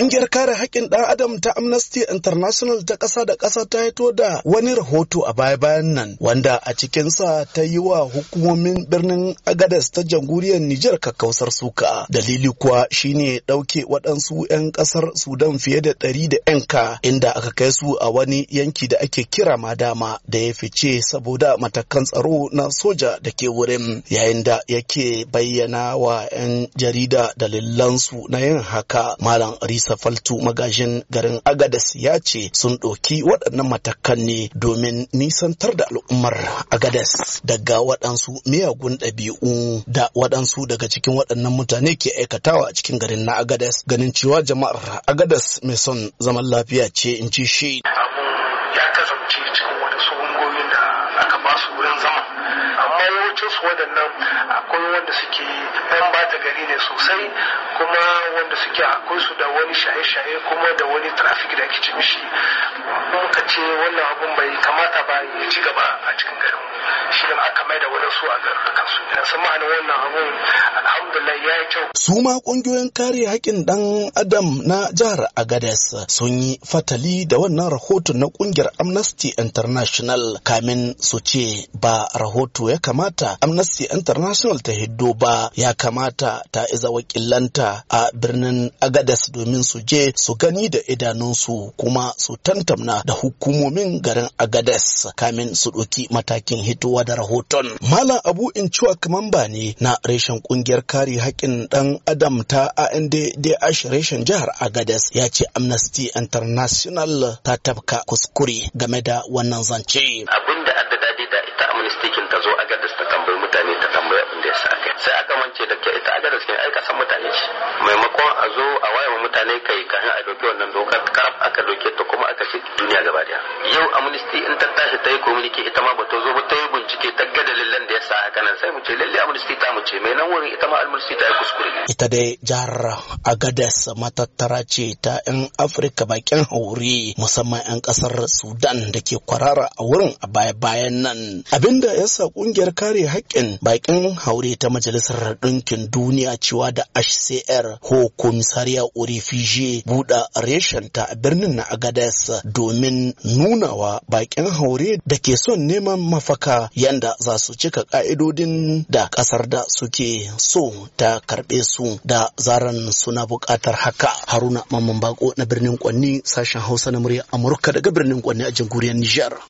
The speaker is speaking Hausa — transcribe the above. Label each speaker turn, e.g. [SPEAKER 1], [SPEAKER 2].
[SPEAKER 1] Ƙungiyar kare haƙƙin ɗan Adam ta Amnesty International ta ƙasa da ƙasa ta hito da wani rahoto a baya-bayan nan wanda a cikinsa ta yi wa hukumomin birnin Agadez ta jamhuriyar Nijar kakkausar suka. Dalili kuwa shine ɗauke waɗansu 'yan ƙasar Sudan fiye da ɗari da 'yan ka inda aka kai su a wani yanki da ake kira madama da ya fice saboda matakan tsaro na soja da ke wurin yayin da yake bayyana wa 'yan jarida dalilansu na yin haka Malam Risa Mustafaltu magajin garin Agadas ya ce sun ɗauki waɗannan matakan ne domin nisantar da al'ummar Agadas daga waɗansu miyagun ɗabi'u da waɗansu daga cikin waɗannan mutane ke aikatawa a cikin garin na Agadas ganin cewa jama'ar Agadas mai son zaman lafiya ce in ci shi. ya
[SPEAKER 2] kasance cikin da aka ba su wurin zama amma yawancin waɗannan akwai wanda suke ɗan bata gari ne sosai kuma wanda suke akwai su da wani shaye-shaye kuma da wani trafik da ake ci mishi muka ce wannan abun bai kamata ba ya ci gaba a cikin garin shi ne aka mai da su a garurukan kansu ina san ma'anin wannan abun alhamdulillah
[SPEAKER 1] ya yi kyau. su ma ƙungiyoyin kare haƙƙin ɗan adam na jihar agades sun yi fatali da wannan rahoton na ƙungiyar amnesty international kamin su ce ba rahoto ya kamata amnesty international ta hiddo ba ya kamata ta iza wakilanta a birnin birnin agadas domin su je su gani da idanunsu kuma su tantamna da hukumomin garin agadas kamin su ɗauki matakin hitowa da rahoton malam abu in incuwa ba ne na reshen ƙungiyar kare haƙƙin ɗan adam ta andh reshen jihar agadas ya ce amnesty international ta tafka kuskure game da wannan zance
[SPEAKER 2] abin yan kasan mutane shi maimakon a zo a wayewa mutane kai kafin a doke wannan dokar karab aka doke ta kuma aka ce duniya gaba daya yau amnesty in ta tashi ta yi communique ita ma ba nan sai mu ce lalle amnesty ta mu ce mai nan wurin ita ma amnesty ta yi kuskure ita dai jihar
[SPEAKER 1] agadas matattara ce ta yan afirka bakin hauri musamman yan kasar sudan da ke kwarara a wurin a baya bayan nan abinda ya sa kungiyar kare haƙƙin bakin haure ta majalisar ɗinkin duniya cewa da hcr ko komisariya orifije buɗa reshen ta a birnin na agadas domin nunawa bakin haure da ke son neman mafaka yanda za su cika ƙa'ido Kudin da kasar da suke so ta karbe su da zaran suna bukatar haka haruna mamman bako na birnin kwanni sashen hausa na murya amurka daga birnin kwanni a jamhuriyar nijar